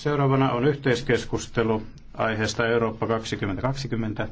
Seuraavana on yhteiskeskustelu aiheesta Eurooppa 2020.